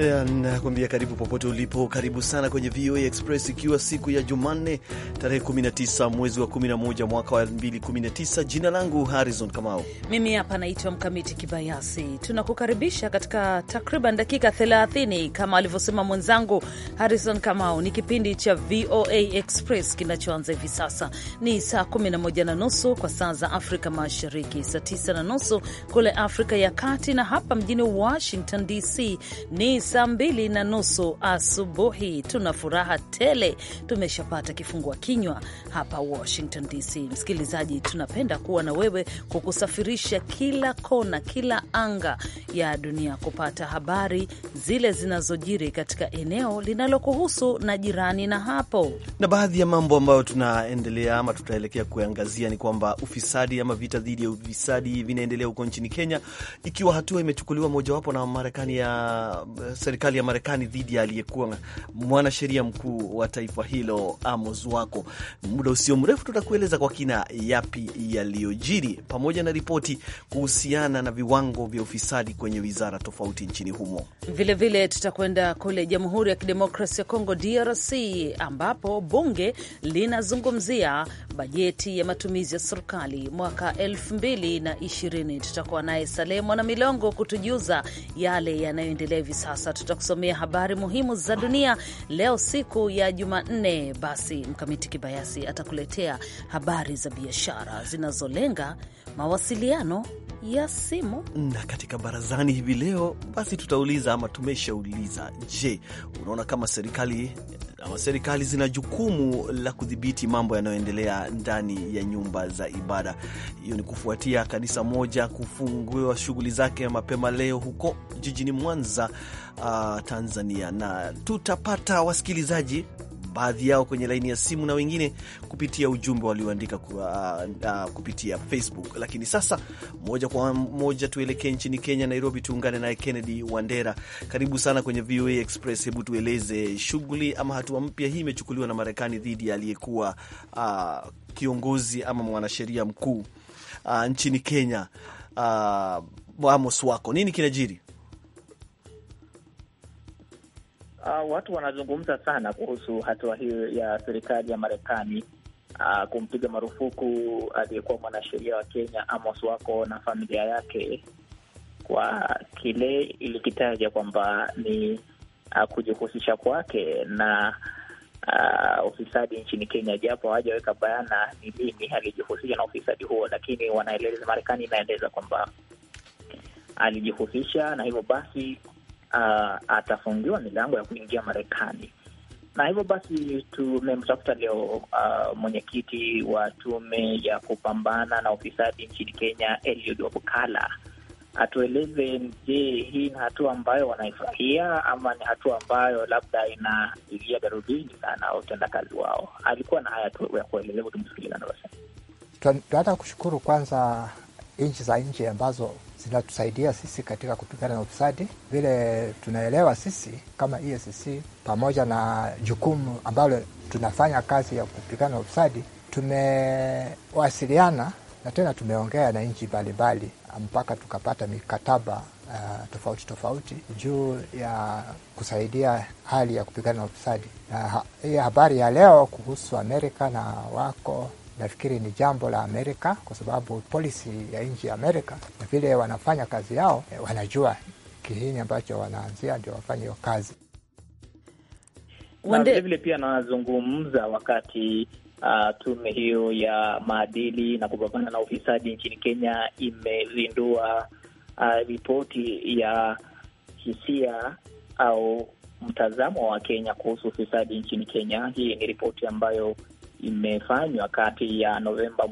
Uh, nakuambia karibu popote ulipo, karibu sana kwenye VOA Express, ikiwa siku ya Jumanne tarehe 19 mwezi wa 11 mwaka wa 2019. Jina langu Harrison Kamau, mimi hapa naitwa Mkamiti Kibayasi. Tunakukaribisha katika takriban dakika 30 kama alivyosema mwenzangu Harrison Kamau. Ni kipindi cha VOA Express kinachoanza hivi sasa. Ni saa 11 na nusu kwa saa za Afrika Mashariki, saa 9 na nusu kule Afrika ya Kati, na hapa mjini Washington DC ni saa mbili na nusu asubuhi. Tuna furaha tele, tumeshapata kifungua kinywa hapa Washington DC. Msikilizaji, tunapenda kuwa na wewe, kukusafirisha kila kona, kila anga ya dunia, kupata habari zile zinazojiri katika eneo linalokuhusu na jirani na hapo. Na baadhi ya mambo ambayo tunaendelea ama tutaelekea kuangazia ni kwamba ufisadi ama vita dhidi ya ufisadi vinaendelea huko nchini Kenya, ikiwa hatua imechukuliwa mojawapo na Marekani ya eh, serikali ya Marekani dhidi ya aliyekuwa mwanasheria mkuu wa taifa hilo Amos Wako. Muda usio mrefu tutakueleza kwa kina yapi yaliyojiri, pamoja na ripoti kuhusiana na viwango vya ufisadi kwenye wizara tofauti nchini humo. Vilevile tutakwenda kule Jamhuri ya Kidemokrasi ya Kongo, DRC, ambapo bunge linazungumzia bajeti ya matumizi ya serikali mwaka 2020. Tutakuwa naye Saleh na Milongo kutujuza yale yanayoendelea hivi sasa sasa tutakusomea habari muhimu za dunia leo, siku ya Jumanne. Basi Mkamiti Kibayasi atakuletea habari za biashara zinazolenga mawasiliano ya simu, na katika barazani hivi leo basi tutauliza ama tumeshauliza, je, unaona kama serikali ama serikali zina jukumu la kudhibiti mambo yanayoendelea ndani ya nyumba za ibada. Hiyo ni kufuatia kanisa moja kufungua shughuli zake mapema leo huko jijini Mwanza uh, Tanzania, na tutapata wasikilizaji baadhi yao kwenye laini ya simu na wengine kupitia ujumbe walioandika uh, kupitia Facebook. Lakini sasa moja kwa moja tuelekee nchini Kenya, Nairobi, tuungane naye Kennedy Wandera. Karibu sana kwenye VOA Express. Hebu tueleze shughuli ama hatua mpya hii imechukuliwa na Marekani dhidi ya aliyekuwa uh, kiongozi ama mwanasheria mkuu uh, nchini Kenya, uh, Amos Wako. Nini kinajiri? uh, watu wanazungumza sana kuhusu hatua hiyo ya serikali ya Marekani uh, kumpiga marufuku aliyekuwa mwanasheria wa Kenya Amos Wako na familia yake kwa kile ilikitaja kwamba ni uh, kujihusisha kwake na uh, ufisadi nchini Kenya, japo hawajaweka bayana ni lini alijihusisha na ufisadi huo, lakini wanaeleza Marekani inaeleza kwamba alijihusisha na hivyo basi uh, atafungiwa milango ya kuingia Marekani na hivyo basi tumemtafuta leo uh, mwenyekiti wa tume ya kupambana na ufisadi nchini Kenya, Eliud Wabukala, atueleze, je, hii ni hatua ambayo wanaifurahia ama ni hatua ambayo labda inaingia darubini sana utendakazi wao? Alikuwa na haya tu ya kuelezea, tumsikiliza. Tunataka kushukuru kwanza nchi za nje ambazo zinatusaidia sisi katika kupigana na ufisadi. Vile tunaelewa sisi kama EACC, pamoja na jukumu ambalo tunafanya kazi ya kupigana na ufisadi, tumewasiliana na tena tumeongea na nchi mbalimbali mpaka tukapata mikataba uh, tofauti tofauti juu ya kusaidia hali ya kupigana na ufisadi. Hii uh, habari ya leo kuhusu Amerika na wako nafikiri ni jambo la Amerika kwa sababu polisi ya nchi ya Amerika na vile wanafanya kazi yao, eh, wanajua kihini ambacho wanaanzia ndio wafanye hiyo kazi. Vilevile pia anazungumza wakati Uh, tume hiyo ya maadili na kupambana na ufisadi nchini Kenya imezindua uh, ripoti ya hisia au mtazamo wa Kenya kuhusu ufisadi nchini Kenya. Hii ni ripoti ambayo imefanywa kati ya Novemba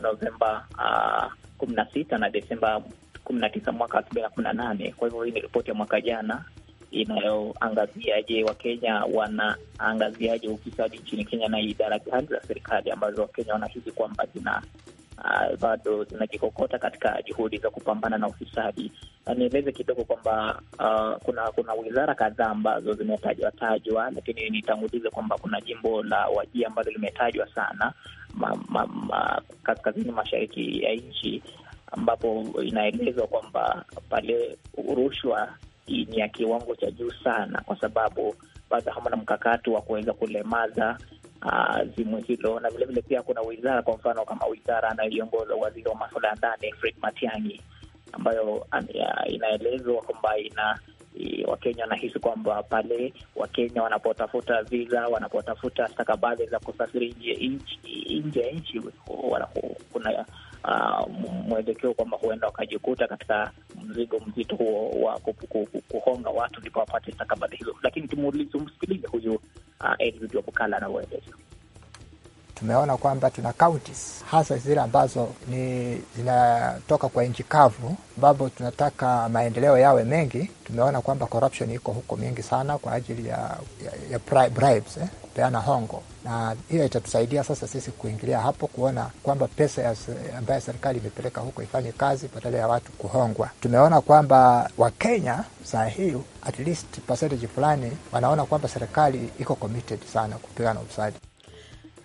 Novemba ah, kumi na sita na Desemba kumi na tisa mwaka elfu mbili na kumi na nane. Kwa hivyo hii ni ripoti ya mwaka jana inayoangaziaje Wakenya wanaangaziaje ufisadi nchini Kenya na idara gani za serikali ambazo Wakenya wanahisi kwamba zina uh, bado zinajikokota katika juhudi za kupambana na ufisadi. Nieleze kidogo kwamba uh, kuna kuna wizara kadhaa ambazo zimetajwa tajwa, lakini nitangulize kwamba kuna jimbo la Wajia ambalo limetajwa sana ma, ma, ma, kaskazini mashariki ya nchi ambapo inaelezwa kwamba pale rushwa ni ya kiwango cha juu sana, kwa sababu bado hamna mkakati wa kuweza kulemaza Ah, zimwe hilo, na vilevile pia kuna wizara, kwa mfano kama wizara anayoiongoza waziri wa maswala ya ndani Fred Matiang'i, ambayo inaelezwa kwamba ina Wakenya wanahisi kwamba pale Wakenya wanapotafuta visa, wanapotafuta stakabadhi za kusafiri nje ya nchi, kuna uh, mwelekeo kwamba huenda wakajikuta katika mzigo mzito huo wa kuhonga watu ndipo wapate stakabadhi hizo. Lakini tumsikilize huyu Eliud uh, Wabukala anavyoeleza. Tumeona kwamba tuna counties hasa zile ambazo ni zinatoka kwa nchi kavu, ambapo tunataka maendeleo yawe mengi. Tumeona kwamba corruption iko huko mingi sana kwa ajili ya, ya, ya bribes, eh kupeana hongo, na hiyo itatusaidia sasa sisi kuingilia hapo, kuona kwamba pesa ambayo serikali imepeleka huko ifanye kazi badala ya watu kuhongwa. Tumeona kwamba Wakenya saa hii at least percentage fulani wanaona kwamba serikali iko committed sana kupigana ufisadi.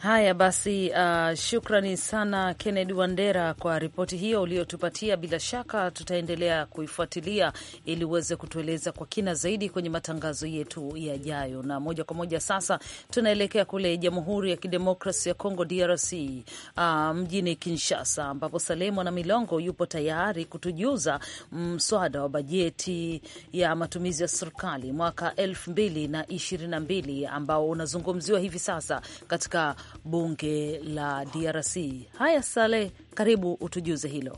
Haya basi, uh, shukrani sana Kennedy Wandera kwa ripoti hiyo uliotupatia. Bila shaka tutaendelea kuifuatilia ili uweze kutueleza kwa kina zaidi kwenye matangazo yetu yajayo. Na moja kwa moja sasa tunaelekea kule Jamhuri ya Kidemokrasi ya Kongo, DRC, uh, mjini Kinshasa, ambapo Salemo na Milongo yupo tayari kutujuza mswada wa bajeti ya matumizi ya serikali mwaka elfu mbili na ishirini na mbili ambao unazungumziwa hivi sasa katika bunge la DRC. Haya, Saleh, karibu utujuze hilo.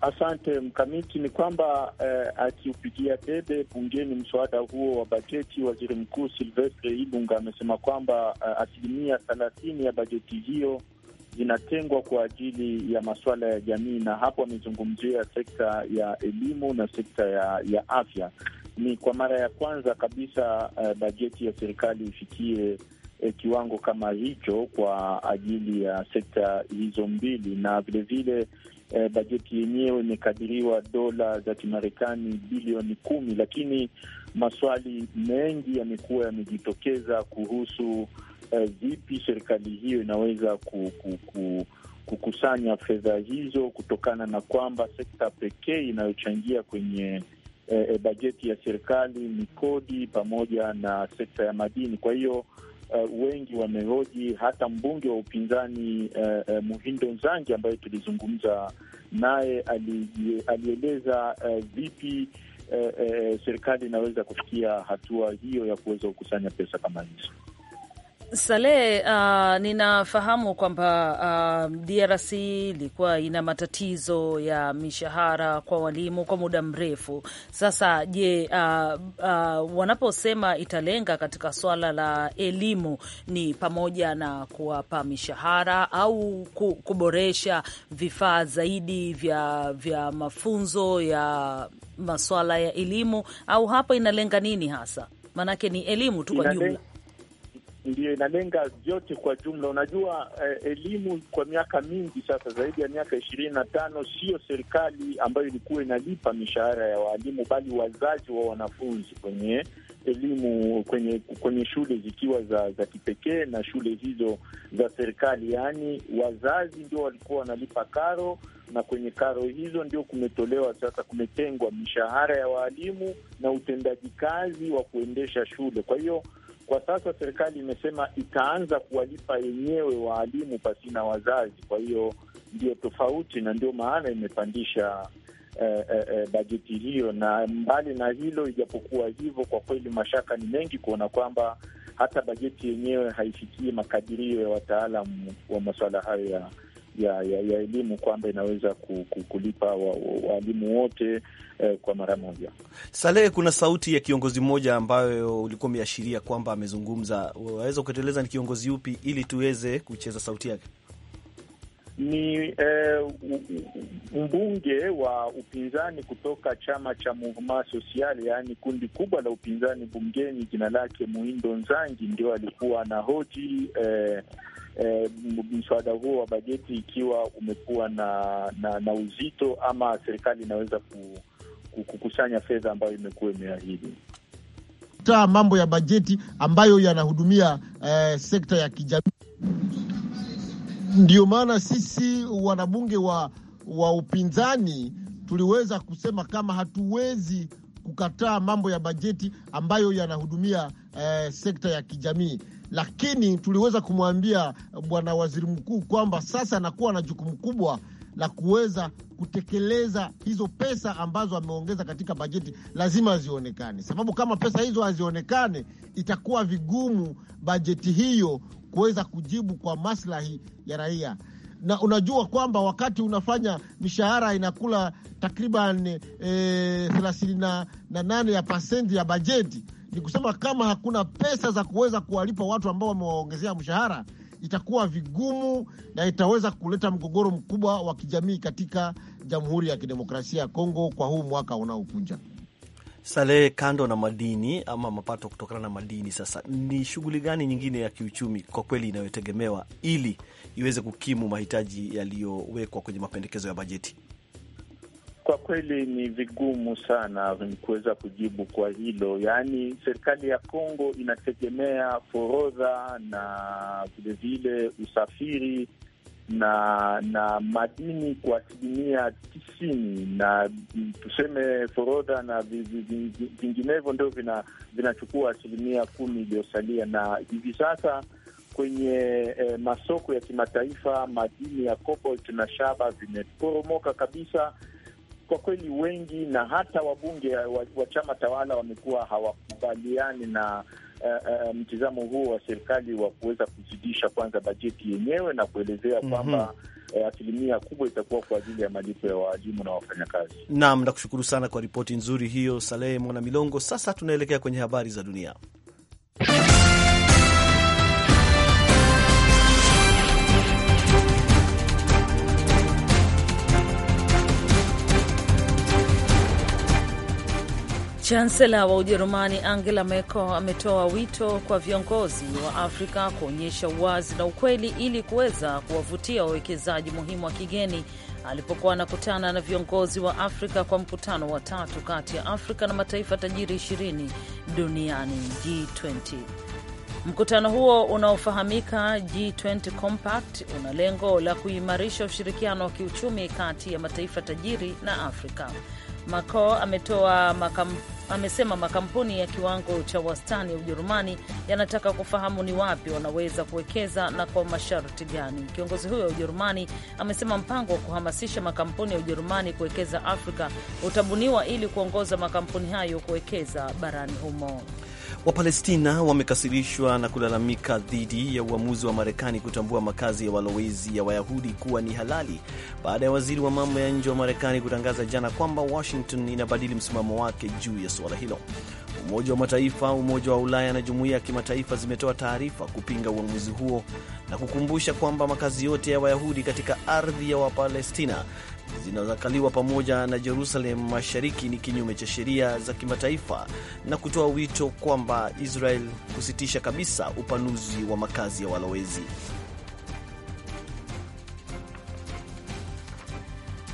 Asante Mkamiti. Ni kwamba eh, akiupigia debe bungeni mswada huo wa bajeti, waziri mkuu Silvestre Ilunga amesema kwamba eh, asilimia thelathini ya bajeti hiyo zinatengwa kwa ajili ya masuala ya jamii, na hapo amezungumzia sekta ya elimu na sekta ya, ya afya. Ni kwa mara ya kwanza kabisa eh, bajeti ya serikali ifikie e, kiwango kama hicho kwa ajili ya sekta hizo mbili, na vilevile e, eh, bajeti yenyewe imekadiriwa dola za Kimarekani bilioni kumi, lakini maswali mengi yamekuwa yamejitokeza kuhusu e, vipi serikali hiyo inaweza ku, ku, ku kukusanya fedha hizo kutokana na kwamba sekta pekee inayochangia kwenye e, e, bajeti ya serikali ni kodi pamoja na sekta ya madini. Kwa hiyo uh, wengi wamehoji, hata mbunge wa upinzani uh, uh, Muhindo Nzangi ambaye tulizungumza naye alieleza uh, vipi uh, uh, serikali inaweza kufikia hatua hiyo ya kuweza kukusanya pesa kama hizo. Saleh, uh, ninafahamu kwamba uh, DRC ilikuwa ina matatizo ya mishahara kwa walimu kwa muda mrefu sasa. Je, uh, uh, wanaposema italenga katika swala la elimu ni pamoja na kuwapa mishahara au kuboresha vifaa zaidi vya, vya mafunzo ya maswala ya elimu au hapo inalenga nini hasa? Maanake ni elimu tu kwa jumla ndiyo inalenga vyote kwa jumla. Unajua eh, elimu kwa miaka mingi sasa, zaidi ya miaka ishirini na tano, siyo serikali ambayo ilikuwa inalipa mishahara ya waalimu, bali wazazi wa wanafunzi kwenye elimu kwenye kwenye shule zikiwa za za kipekee na shule hizo za serikali, yaani wazazi ndio walikuwa wanalipa karo, na kwenye karo hizo ndio kumetolewa sasa, kumetengwa mishahara ya waalimu na utendaji kazi wa kuendesha shule. Kwa hiyo kwa sasa serikali imesema itaanza kuwalipa yenyewe waalimu pasina wazazi. Kwa hiyo ndio tofauti na ndio maana imepandisha eh, eh, eh, bajeti hiyo. Na mbali na hilo, ijapokuwa hivyo, kwa kweli mashaka ni mengi kuona kwamba hata bajeti yenyewe haifikii makadirio ya wataalamu wa masuala hayo ya ya ya, ya elimu kwamba inaweza kulipa waalimu wa, wa wote eh, kwa mara moja. Salehe, kuna sauti ya kiongozi mmoja ambayo ulikuwa umeashiria kwamba amezungumza, waweza ukatueleza ni kiongozi upi ili tuweze kucheza sauti yake? Ni eh, mbunge wa upinzani kutoka chama cha Mouvement Social, yaani kundi kubwa la upinzani bungeni, jina lake Muindo Nzangi, ndio alikuwa na hoji eh, eh, mswada huo wa bajeti ikiwa umekuwa na, na na uzito ama serikali inaweza kukusanya fedha ambayo imekuwa imeahidi taa mambo ya bajeti ambayo yanahudumia eh, sekta ya kijamii. Ndiyo maana sisi wanabunge wa, wa upinzani tuliweza kusema kama hatuwezi kukataa mambo ya bajeti ambayo yanahudumia eh, sekta ya kijamii lakini tuliweza kumwambia eh, bwana waziri mkuu kwamba sasa anakuwa na jukumu kubwa la kuweza kutekeleza hizo pesa ambazo ameongeza katika bajeti, lazima zionekane, sababu kama pesa hizo hazionekane, itakuwa vigumu bajeti hiyo kuweza kujibu kwa maslahi ya raia na unajua kwamba wakati unafanya mishahara inakula takriban e, thelathini na nane ya pasenti ya bajeti, ni kusema kama hakuna pesa za kuweza kuwalipa watu ambao wamewaongezea mshahara itakuwa vigumu na itaweza kuleta mgogoro mkubwa wa kijamii katika Jamhuri ya Kidemokrasia ya Kongo kwa huu mwaka unaokuja. Salehe, kando na madini ama mapato kutokana na madini, sasa ni shughuli gani nyingine ya kiuchumi kwa kweli inayotegemewa ili iweze kukimu mahitaji yaliyowekwa kwenye mapendekezo ya bajeti? Kwa kweli ni vigumu sana kuweza kujibu kwa hilo. Yaani, serikali ya Kongo inategemea forodha na vilevile usafiri na na madini kwa asilimia tisini, na tuseme forodha na vinginevyo ndio vinachukua asilimia kumi iliyosalia, na hivi sasa kwenye e, masoko ya kimataifa madini ya cobalt na shaba zimeporomoka kabisa kwa kweli, wengi na hata wabunge wa, wa chama tawala wamekuwa hawakubaliani na uh, uh, mtizamo huo wa serikali wa kuweza kuzidisha kwanza bajeti yenyewe na kuelezea mhm. kwamba mm -hmm. E, asilimia kubwa itakuwa kwa ajili ya malipo ya waalimu na wafanyakazi. Naam, nakushukuru sana kwa ripoti nzuri hiyo, Salehe Mwana Milongo. Sasa tunaelekea kwenye habari za dunia. Chansela wa Ujerumani Angela Merkel ametoa wito kwa viongozi wa Afrika kuonyesha uwazi na ukweli ili kuweza kuwavutia wawekezaji muhimu wa kigeni alipokuwa anakutana na viongozi wa Afrika kwa mkutano wa tatu kati ya Afrika na mataifa tajiri 20 duniani G20. Mkutano huo unaofahamika G20 Compact una lengo la kuimarisha ushirikiano wa kiuchumi kati ya mataifa tajiri na Afrika. Mako ametoa makam, amesema makampuni ya kiwango cha wastani ya Ujerumani yanataka kufahamu ni wapi wanaweza kuwekeza na kwa masharti gani. Kiongozi huyo wa Ujerumani amesema mpango wa kuhamasisha makampuni ya Ujerumani kuwekeza Afrika utabuniwa ili kuongoza makampuni hayo kuwekeza barani humo. Wapalestina wamekasirishwa na kulalamika dhidi ya uamuzi wa Marekani kutambua makazi ya walowezi ya Wayahudi kuwa ni halali baada ya waziri wa mambo ya nje wa Marekani kutangaza jana kwamba Washington inabadili msimamo wake juu ya suala hilo. Umoja wa Mataifa, Umoja wa Ulaya na jumuiya ya kimataifa zimetoa taarifa kupinga uamuzi huo na kukumbusha kwamba makazi yote ya Wayahudi katika ardhi ya Wapalestina zinazokaliwa pamoja na Jerusalem Mashariki ni kinyume cha sheria za kimataifa na kutoa wito kwamba Israel kusitisha kabisa upanuzi wa makazi ya walowezi.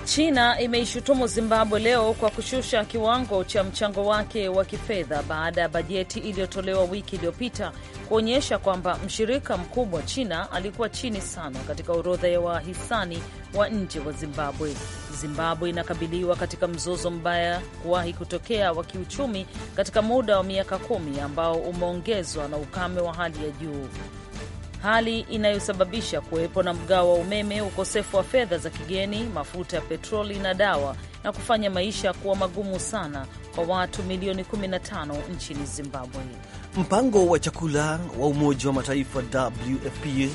China imeishutumu Zimbabwe leo kwa kushusha kiwango cha mchango wake wa kifedha baada ya bajeti iliyotolewa wiki iliyopita kuonyesha kwamba mshirika mkubwa China alikuwa chini sana katika orodha ya wahisani wa nje wa Zimbabwe. Zimbabwe inakabiliwa katika mzozo mbaya kuwahi kutokea wa kiuchumi katika muda wa miaka kumi ambao umeongezwa na ukame wa hali ya juu, hali inayosababisha kuwepo na mgao wa umeme, ukosefu wa fedha za kigeni, mafuta ya petroli na dawa na kufanya maisha kuwa magumu sana kwa watu milioni 15 nchini Zimbabwe. Mpango wa chakula wa Umoja wa Mataifa WFP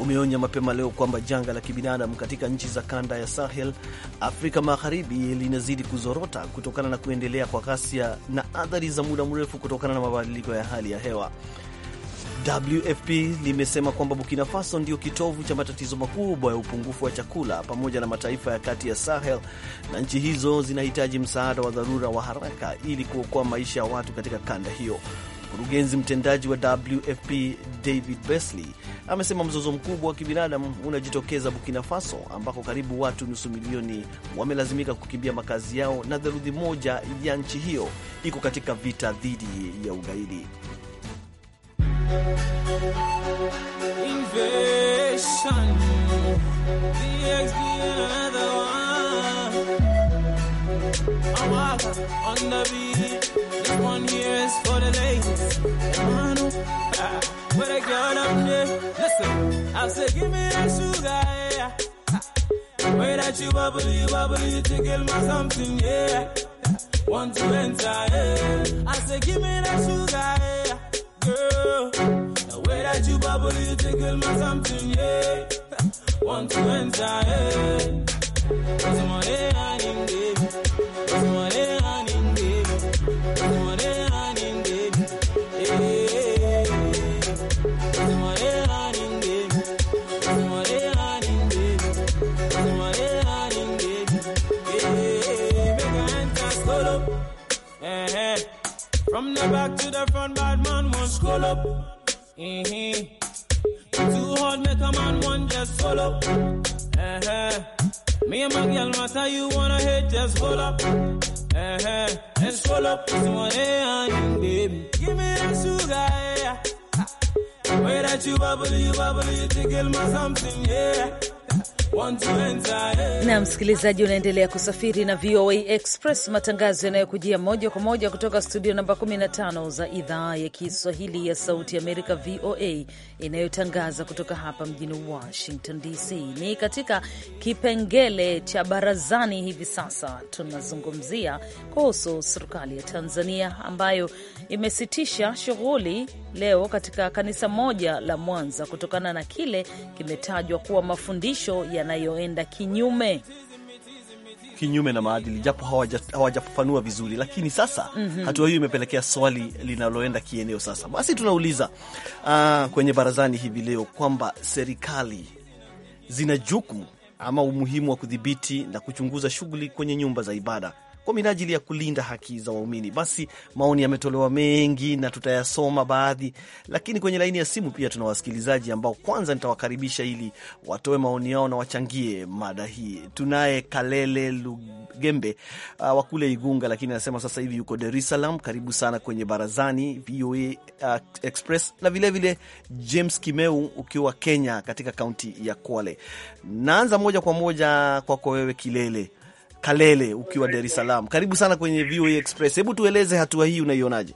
umeonya mapema leo kwamba janga la kibinadamu katika nchi za kanda ya Sahel, Afrika Magharibi, linazidi kuzorota kutokana na kuendelea kwa ghasia na athari za muda mrefu kutokana na mabadiliko ya hali ya hewa. WFP limesema kwamba Burkina Faso ndio kitovu cha matatizo makubwa ya upungufu wa chakula pamoja na mataifa ya kati ya Sahel, na nchi hizo zinahitaji msaada wa dharura wa haraka ili kuokoa maisha ya watu katika kanda hiyo. Mkurugenzi mtendaji wa WFP David Beasley amesema mzozo mkubwa wa kibinadamu unajitokeza Burkina Faso, ambako karibu watu nusu milioni wamelazimika kukimbia makazi yao na theluthi moja ya nchi hiyo iko katika vita dhidi ya ugaidi. Invasion. one. I'm on the beat. This one here is for the ladies. girl up there. Listen, I give me that sugar. Yeah. Way that you bubble, you bubble, you tickle my something, yeah. Want to enter, yeah. I say give me that sugar, yeah girl. The way that you bubble, you tickle my something, yeah. Want to enter, yeah. Cause I'm on it, I need baby. Cause I'm baby. Cause I'm baby. Yeah. Cause I'm baby. Cause I'm baby. Cause I'm baby. Yeah. eh. From the back to the front, bad man won't scroll up. Mm-hmm. Too hard, make a man one just fall up. Uh-huh. Me and my girl, matter you wanna hit, just hold up. Uh-huh. And scroll up, it's one day on baby. Give me that sugar, yeah. Way that you bubble, you bubble, you tickle my something, yeah. na msikilizaji, unaendelea kusafiri na VOA Express, matangazo yanayokujia moja kwa moja kutoka studio namba 15 za idhaa ya Kiswahili ya Sauti Amerika, VOA, inayotangaza kutoka hapa mjini Washington DC. Ni katika kipengele cha barazani. Hivi sasa tunazungumzia kuhusu serikali ya Tanzania ambayo imesitisha shughuli leo katika kanisa moja la Mwanza kutokana na kile kimetajwa kuwa mafundisho yanayoenda kinyume kinyume na maadili, japo hawajafafanua hawaja vizuri. Lakini sasa mm -hmm. hatua hiyo imepelekea swali linaloenda kieneo. Sasa basi tunauliza uh, kwenye barazani hivi leo kwamba serikali zina jukumu ama umuhimu wa kudhibiti na kuchunguza shughuli kwenye nyumba za ibada kwa minajili ya kulinda haki za waumini. Basi maoni yametolewa mengi na tutayasoma baadhi, lakini kwenye laini ya simu pia tuna wasikilizaji ambao kwanza nitawakaribisha ili watoe maoni yao na wachangie mada hii. Tunaye Kalele Lugembe uh, wa kule Igunga, lakini anasema sasa hivi yuko Dar es Salaam. Karibu sana kwenye barazani VOA uh, Express na vilevile vile James Kimeu ukiwa Kenya katika kaunti ya Kwale. Naanza moja kwa moja kwako wewe Kilele. Kalele ukiwa Dar es Salaam. Karibu sana kwenye VOA Express. Hebu tueleze hatua hii unaionaje?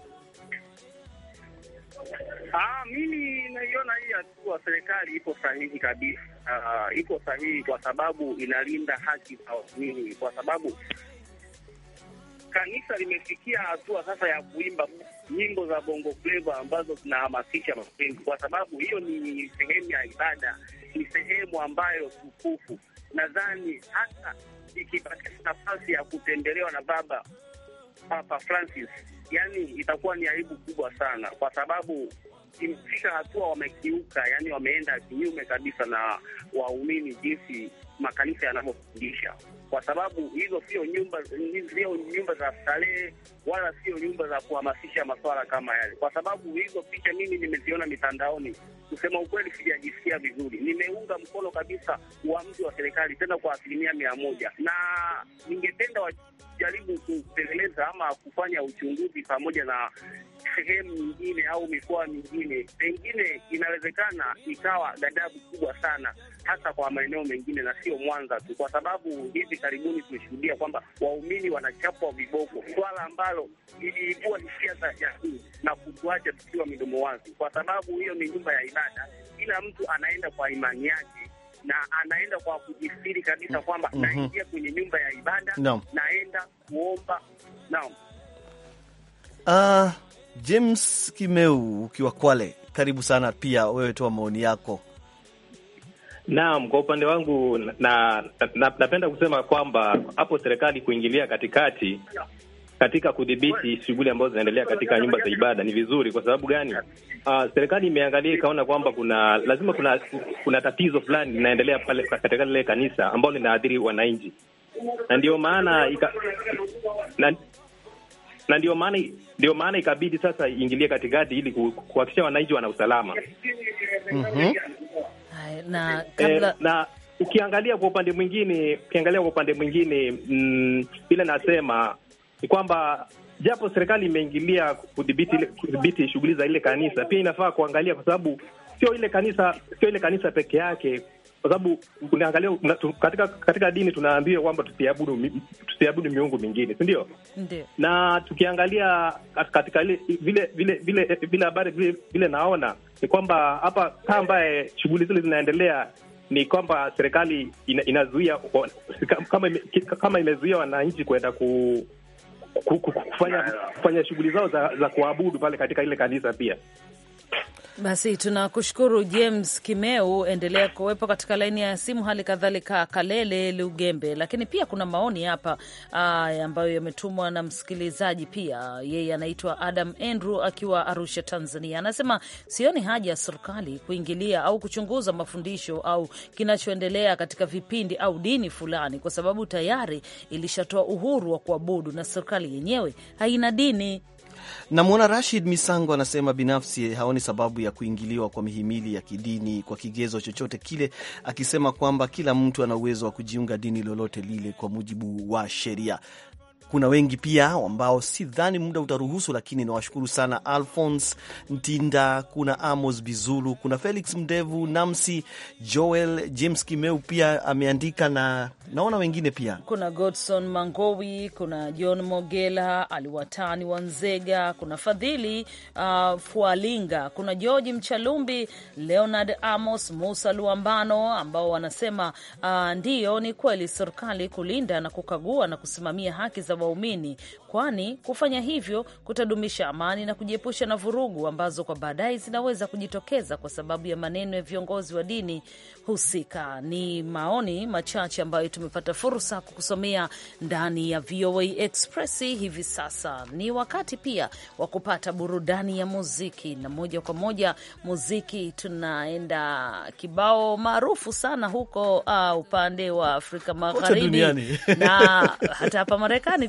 Ah, mimi naiona hii hatua serikali ipo sahihi kabisa. Uh, ah, iko sahihi kwa sababu inalinda haki za waumini, kwa sababu kanisa limefikia hatua sasa ya kuimba nyimbo za bongo fleva ambazo zinahamasisha mapenzi, kwa sababu hiyo ni sehemu ya ibada, ni sehemu ambayo tukufu nadhani hata ikipata nafasi ya kutembelewa na baba Papa Francis, yani itakuwa ni aibu kubwa sana, kwa sababu imefika hatua wamekiuka, yani wameenda kinyume kabisa na waumini jinsi makanisa yanavyofundisha kwa sababu hizo sio nyumba, sio nyumba za starehe wala sio nyumba za kuhamasisha masuala kama yale, kwa sababu hizo picha mimi nimeziona mitandaoni. Kusema ukweli, sijajisikia vizuri. Nimeunga mkono kabisa uamuzi wa serikali, tena kwa asilimia mia moja, na ningependa wajaribu kutengeneza ama kufanya uchunguzi pamoja na sehemu nyingine au mikoa mingine, pengine inawezekana ikawa gadabu kubwa sana, hasa kwa maeneo mengine na sio Mwanza tu, kwa sababu hivi karibuni tumeshuhudia kwamba waumini wanachapwa viboko, swala ambalo iliibua hisia za jamii na kutuacha tukiwa midomo wazi, kwa sababu hiyo ni nyumba ya ibada. Kila mtu anaenda kwa imani yake na anaenda kwa kujistiri kabisa kwamba mm -hmm. naingia kwenye nyumba ya ibada no. naenda kuomba naam. Uh, James Kimeu ukiwa Kwale, karibu sana pia wewe, toa maoni yako Naam, kwa upande wangu napenda na, na, na kusema kwamba hapo serikali kuingilia katikati katika kudhibiti shughuli ambazo zinaendelea katika nyumba za ibada ni vizuri. Kwa sababu gani? Uh, serikali imeangalia ikaona kwamba kuna lazima kuna, kuna tatizo fulani linaendelea pale katika lile kanisa ambalo linaathiri wananchi, na ndio maana ika, na, na ndio maana ndio maana ikabidi sasa iingilie katikati ili kuhakikisha wananchi wana usalama. mm -hmm na eh, kabla... eh, na ukiangalia kwa upande mwingine, ukiangalia kwa upande mwingine vile mm, nasema ni kwamba japo serikali imeingilia kudhibiti kudhibiti shughuli za ile kanisa, pia inafaa kuangalia kwa sababu sio ile kanisa sio ile kanisa peke yake kwa sababu unaangalia katika, katika dini tunaambiwa kwamba tusiabudu tusiabudu miungu mingine, si ndio? Na tukiangalia katika vile vile vile vile habari vile, vile naona ni kwamba hapa kaa ambaye shughuli zile zinaendelea ni kwamba serikali ina, inazuia kama ime, kama imezuia wananchi kwenda ku kufanya kufanya shughuli zao za, za kuabudu pale katika ile kanisa pia. Basi tunakushukuru James Kimeu, endelea kuwepo katika laini ya simu, hali kadhalika Kalele Lugembe. Lakini pia kuna maoni hapa ah, ambayo yametumwa na msikilizaji pia, yeye anaitwa Adam Andrew akiwa Arusha, Tanzania. Anasema sioni haja ya serikali kuingilia au kuchunguza mafundisho au kinachoendelea katika vipindi au dini fulani, kwa sababu tayari ilishatoa uhuru wa kuabudu na serikali yenyewe haina dini. Namwona Rashid Misango anasema binafsi haoni sababu ya kuingiliwa kwa mihimili ya kidini kwa kigezo chochote kile, akisema kwamba kila mtu ana uwezo wa kujiunga dini lolote lile kwa mujibu wa sheria. Kuna wengi pia ambao si dhani muda utaruhusu, lakini nawashukuru sana alfons Ntinda, kuna Amos Bizulu, kuna Felix Mdevu, Namsi Joel, James Kimeu pia ameandika na naona wengine pia, kuna Godson Mangowi, kuna John Mogela, Aliwatani Wanzega, kuna Fadhili uh, Fualinga, kuna George Mchalumbi, Leonard Amos, Musa Luambano, ambao wanasema uh, ndiyo ni kweli serikali kulinda na kukagua na kusimamia haki za waumini, kwani kufanya hivyo kutadumisha amani na kujiepusha na vurugu ambazo kwa baadaye zinaweza kujitokeza kwa sababu ya maneno ya viongozi wa dini husika. Ni maoni machache ambayo tumepata fursa kukusomea ndani ya VOA Express hivi sasa. Ni wakati pia wa kupata burudani ya muziki, na moja kwa moja muziki tunaenda kibao maarufu sana huko uh, upande wa Afrika Magharibi na hata hapa Marekani.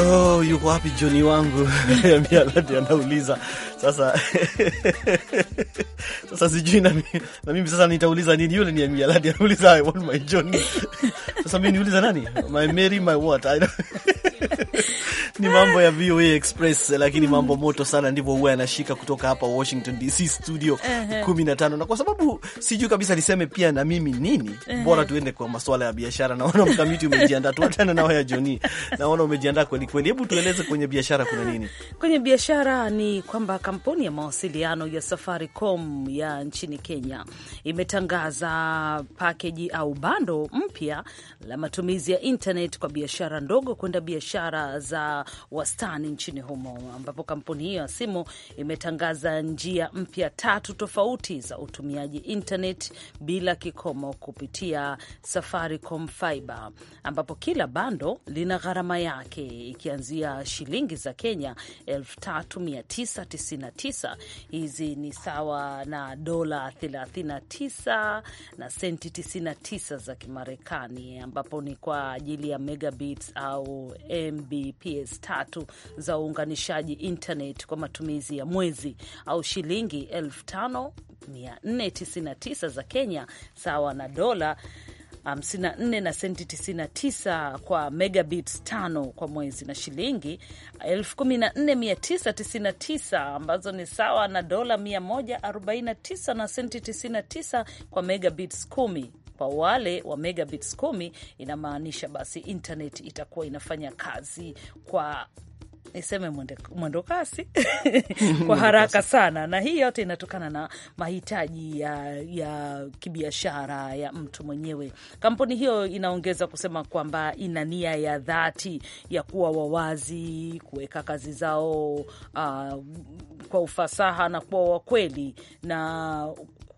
Oh, yuko wapi Joni wangu? Mialadi anauliza sasa. Sasa sijui na, na mimi sasa nitauliza nini? Yule ni Mialadi anauliza I want my Joni. Sasa mimi niuliza nani? My Mary, my what? I don't ni mambo ya VOA Express, lakini mambo moto sana, ndivyo huwa yanashika kutoka hapa Washington DC studio 15 na kwa sababu sijui kabisa niseme pia na mimi nini Bora tuende kwa masuala ya biashara. Naona mkamiti umejiandaa, tuachane nao ya Joni, naona umejiandaa kweli kweli. Hebu tueleze kwenye biashara kuna nini? Kwenye biashara ni kwamba kampuni ya mawasiliano ya Safaricom ya nchini Kenya imetangaza pakeji au bando mpya la matumizi ya internet kwa biashara ndogo kwenda biashara za wastani nchini humo, ambapo kampuni hiyo ya simu imetangaza njia mpya tatu tofauti za utumiaji internet bila kikomo kupitia Safaricom Fiber, ambapo kila bando lina gharama yake ikianzia shilingi za Kenya 3999 hizi ni sawa na dola 39 na senti 99 za Kimarekani, ambapo ni kwa ajili ya megabits au Mbps pence tatu za uunganishaji internet kwa matumizi ya mwezi au shilingi 5499 za Kenya sawa na dola 54 na senti 99 kwa megabits 5 kwa mwezi na shilingi 14999 ambazo ni sawa na dola 149 na senti 99 kwa megabits 10 kwa wale wa megabits kumi, inamaanisha basi internet itakuwa inafanya kazi kwa niseme mwendo kasi kwa haraka sana, na hii yote inatokana na mahitaji ya, ya kibiashara ya mtu mwenyewe. Kampuni hiyo inaongeza kusema kwamba ina nia ya dhati ya kuwa wawazi, kuweka kazi zao uh, kwa ufasaha na kuwa wakweli na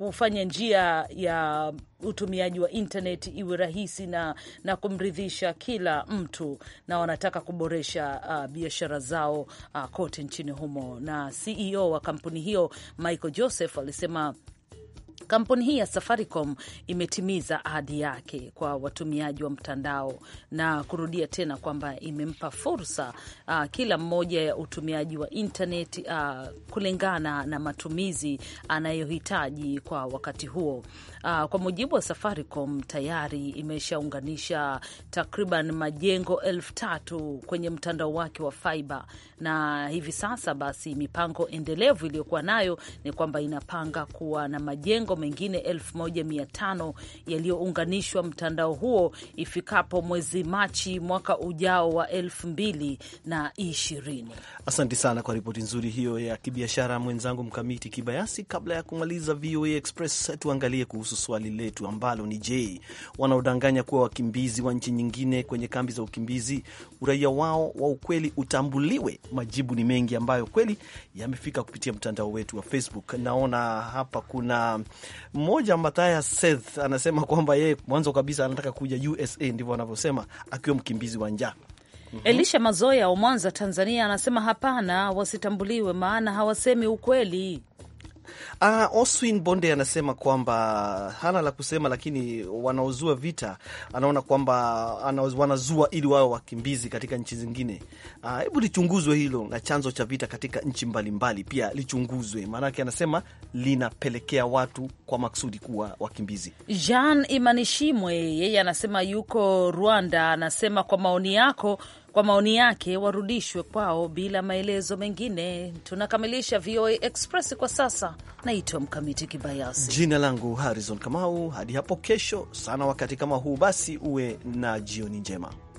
kufanya njia ya utumiaji wa internet iwe rahisi na, na kumridhisha kila mtu, na wanataka kuboresha uh, biashara zao uh, kote nchini humo. Na CEO wa kampuni hiyo Michael Joseph alisema Kampuni hii ya Safaricom imetimiza ahadi yake kwa watumiaji wa mtandao na kurudia tena kwamba imempa fursa uh, kila mmoja ya utumiaji wa internet uh, kulingana na matumizi anayohitaji kwa wakati huo. Uh, kwa mujibu wa Safaricom tayari imeshaunganisha takriban majengo elfu tatu kwenye mtandao wake wa faiba, na hivi sasa basi mipango endelevu iliyokuwa nayo ni kwamba inapanga kuwa na majengo mengine elfu moja mia tano yaliyounganishwa mtandao huo ifikapo mwezi Machi mwaka ujao wa elfu mbili na ishirini. Asante sana kwa ripoti nzuri hiyo ya kibiashara, mwenzangu Mkamiti Kibayasi. Kabla ya kumaliza VOA Express, tuangalie kuhusu kuhusu swali letu ambalo ni je, wanaodanganya kuwa wakimbizi wa nchi nyingine kwenye kambi za ukimbizi uraia wao wa ukweli utambuliwe? Majibu ni mengi ambayo kweli yamefika kupitia mtandao wetu wa Facebook. Naona hapa kuna mmoja Mathaya Seth anasema kwamba yeye mwanzo kabisa anataka kuja USA, ndivyo anavyosema akiwa mkimbizi wa njaa. Mm -hmm. Elisha Mazoya wa Mwanza, Tanzania anasema hapana, wasitambuliwe maana hawasemi ukweli. Uh, Oswin Bonde anasema kwamba hana la kusema, lakini wanaozua vita anaona kwamba wanazua ili wawe wakimbizi katika nchi zingine. Ah, hebu lichunguzwe hilo na chanzo cha vita katika nchi mbalimbali pia lichunguzwe, maanake anasema linapelekea watu kwa maksudi kuwa wakimbizi. Jean Imanishimwe yeye anasema yuko Rwanda, anasema kwa maoni yako kwa maoni yake warudishwe kwao bila maelezo mengine. Tunakamilisha VOA Express kwa sasa. Naitwa Mkamiti Kibayasi, jina langu Harrison Kamau. Hadi hapo kesho sana wakati kama huu, basi uwe na jioni njema.